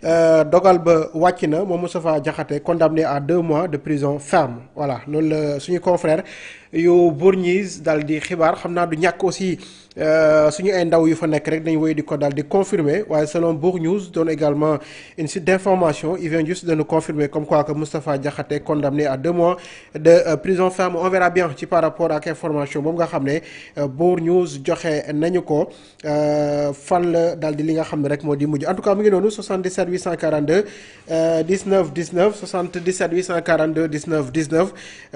Euh, dogal ba wàcc na moom Moustapha Diakhaté condamné à deux mois de prison ferme voilà loolu la suñu confrère yu Bourgneys daal di xibaar xam naa du ñàkk aussi euh, suñu ay ndaw yu fa nekk rek dañu woy di ko daal di confirmer waaye selon Bourgnews donne également une site d'information il vient juste de nous confirmer comme quoi que Moustapha Diakhaté a à deux mois de euh, prison ferme on verra bien ci par rapport ak information moom nga xam ne euh, Bourgnews joxe nañu ko fan la daal li nga xam ne rek moo di mujj en tout cas mu ngi noonu 77 842 19 19 77 842 19 19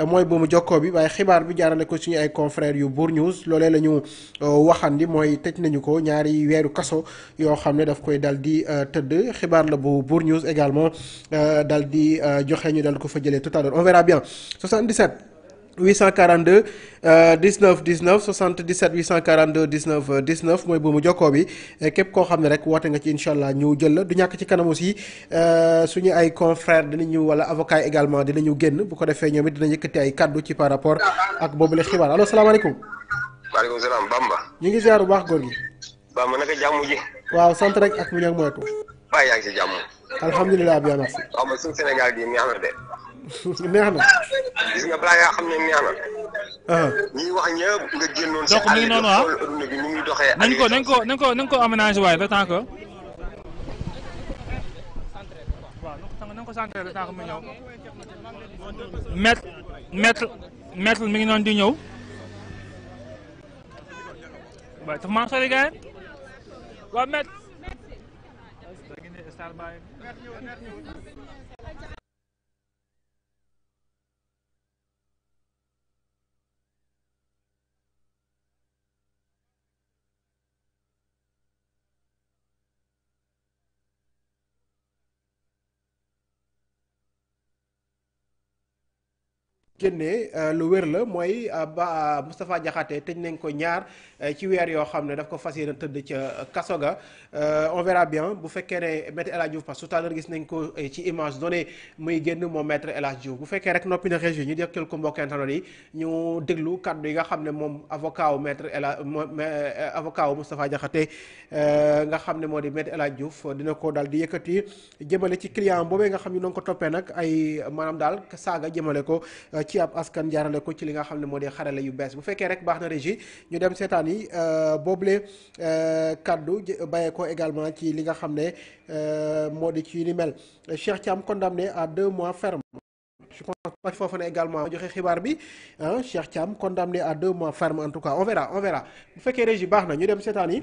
mooy bu mu jokkoo bi waaye xibaar. xibaar bi jaarale ko suñu ay confrères yu buur News loolee la ñu euh, waxandi mooy tëj nañu ko ñaari weeru kaso yoo xam ne daf koy dal di euh, tëdd xibaar la bu Bour News également euh, dal di joxe ñu dal ko fa jëlee tout à l'heure on verra bien 842 euh, 19 19 77 842 19 19 mooy buumu jokkoo bi euh, képp koo xam ne rek woote nga ci incha allah ñu jël la du ñàkk ci kanam aussi euh, suñu ay confrères dinañu wala avocat également dinañu génn bu ko defee ñoom it dina yëkkati ay kaddu ci par rapport ak boobule xibaar allo salaamaaleykum. waaleykum salaam Bamba. ñu ngi ziar bu baax góor gi. Bamba naka jàmm ji. waaw sant rek ak mu ñàkk mooy ko. waaw yaa ngi si jàmm. alhamdulilah bien merci. waaw man suñu Sénégal gii neex na. gis nga balaa ngaa xam ne neex na. Ah. ñuy wax ñëpp nga génnoon. donc mi noonu ah bi mu ngi doxee. nañ ko nañ ko nañ ko nañ waaye le temps que. ko centré le temps que mu ñëw. mètre mi ngi noonu di ñëw. waaye maa sori gars génnee euh, lu wér la mooy euh, ba euh, Moustapha Diakhaté tëj nañ ko ñaar ci weer yoo xam ne daf ko fas yéene tëdd ca kaso ga on verra bien bu fekkee ne maître El Hadj parce que tout à l'heure gis nañ ko ci image donnée muy génn moom maître El Hadj bu fekkee rek noppi na région ñu jokkeel ko mbokk internet yi ñu déglu kàddu yi nga xam ne moom avocat wu maître El avocat wu Moustapha Diakhaté nga xam ne moo di maître El Hadj dina ko daal di yëkkati jëmale ci client boobee nga xam ne ñoo ko toppee nag ay maanaam daal saaga ko. ci ab askan jaarale ko ci li nga xam ne moo di xarale yu bees bu fekkee rek baax na régie ñu dem seetaan yi euh, boobule euh, kaddu bàyyee ko également ci li nga xam ne euh, moo di ci ni mel Cheikh Thiam condamné à deux mois ferme je pense pas foofu ne également ma joxe xibaar bi ah Cheikh Thiam condamné à deux mois ferme en tout cas on verra on verra bu fekkee régie baax na ñu dem seetaan yi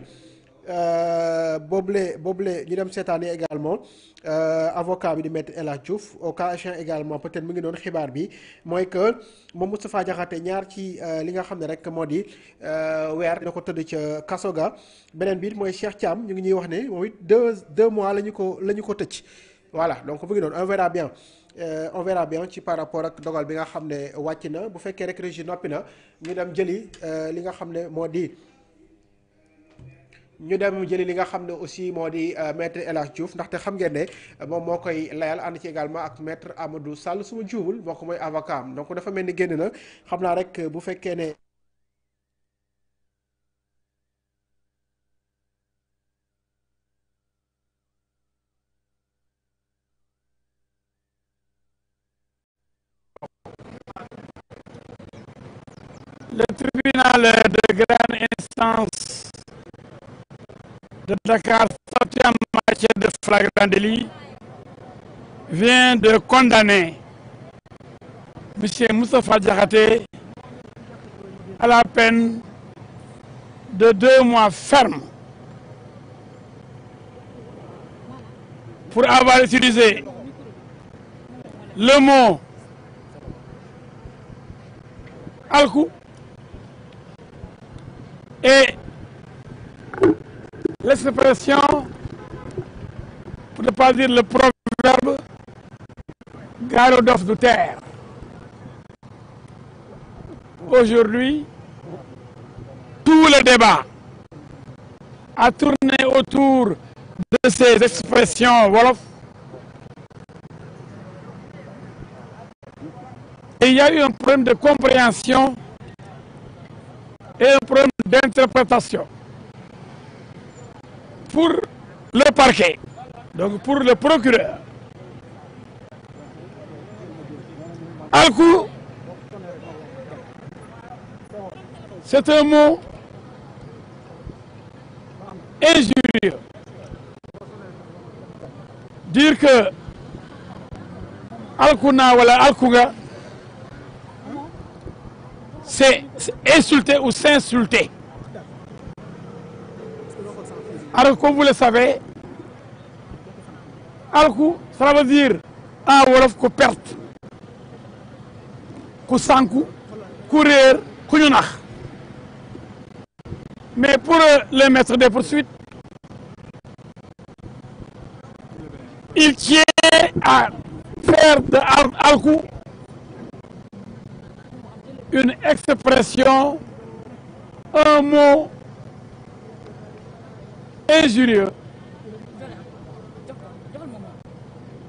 boobule euh, boobule ñu dem seetaani également euh, avocat bi di maître El Hadj Diouf au également peut-être mu ngi doon xibaar bi mooy que moom Moustapha Diakhaté ñaar ci euh, li nga xam ne rek moo di weer dina ko tëdd ca kaso ga beneen biit mooy Cheikh Thiam ñu ngi ñuy wax ne moom deux deux mois la ñu ko la ñu ko tëj voilà donc mu ngi doon on verra bien. Euh, on bien ci par rapport ak dogal bi nga xam ne wàcc na bu fekkee rek régie noppi na ñu dem jëli li nga xam ne moo di. ñu dem jëli li nga xam ne aussi moo di euh, maître El Hadj ndaxte xam ngeen ne euh, moom moo koy layal ànd ci également ak maître Amadou Sall su ma juumul moo ko mooy avocat am donc dafa mel ni génn na xam naa rek bu fekkee ne. Le tribunal de grande instance de Dakar sorti en de flagrant vient de condamner M. Moustapha Diakhaté à la peine de deux mois ferme pour avoir utilisé le mot alku et l'expression, pour ne pas dire le proverbe, Garodof de terre. Aujourd'hui, tout le débat a tourné autour de ces expressions Wolof. Et il y a eu un problème de compréhension et un problème d'interprétation. pour le parquet donc pour le procureur alku c'est un mot injurieux dire que alku wala alku nga c'est insulter ou s'insulter Alors, comme vous le savez, alku ça veut dire en wolof ku perte ku sànku ku réer ku ñu nax mais pour euh, le maître des poursuites il tient à faire de alku une expression un mot injurieux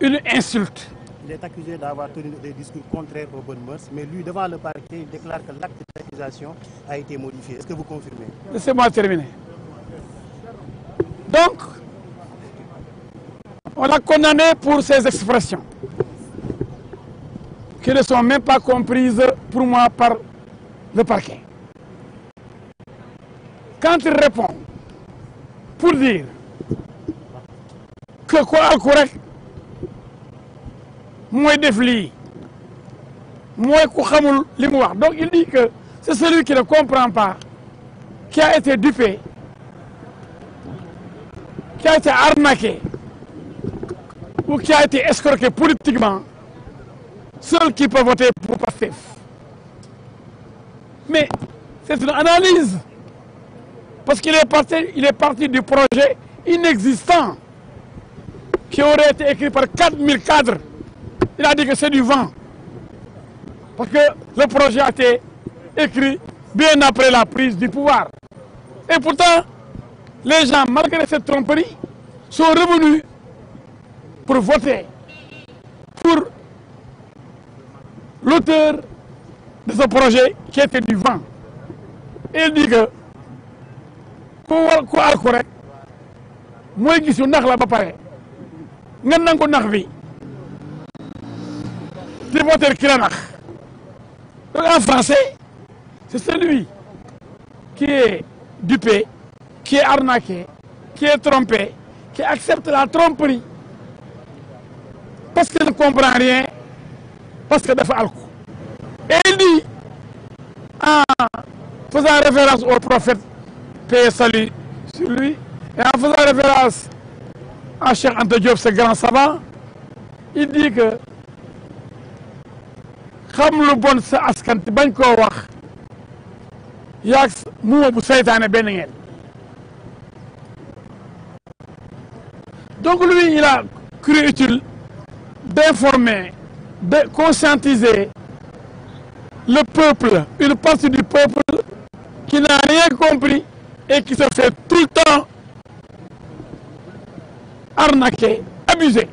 une insulte il est accusé d'avoir tenu des discours contraires aux bonnes mais lui devant le parquet il déclare que l'acte d'accusation a été modifié donc on l'a condamné pour ses expressions qui ne sont même pas comprises pour moi par le parquet quand il répond pour dire que ku alku rek mooy def mooy ku xamul li mu wax donc il dit que c'est celui qui ne comprend pas qui a été dupé qui a été arnaqué ou qui a été escroqué politiquement seul qui peut voter pour Pastef mais c'est une analyse parce qu'il est parti, il est parti du projet inexistant qui aurait été écrit par 4000 cadres. Il a dit que c'est du vent. Parce que le projet a été écrit bien après la prise du pouvoir. Et pourtant, les gens, malgré cette tromperie, sont revenus pour voter pour l'auteur de ce projet qui était du vent. Il dit que ku wal ku alku rek mooy gisu nax la ba pare nga nangu nax bi te voter ki la nax donc en français c'est celui qui est dupé qui est arnaqué qui est trompé qui accepte la tromperie parce que ne comprend parce que def alku et il dit en faisant référence au prophète paix et salut sur lui. Et en faisant référence à Cheikh Anta Diop, ce grand savant, il dit que xam lu bon sa askan bañ koo wax yaag muuma bu seytaane benn ngeen donc lui il a cru utile d'informer de conscientiser le peuple une partie du peuple qui n'a rien compris et qui se fait tout le temps arnaquer, abuser.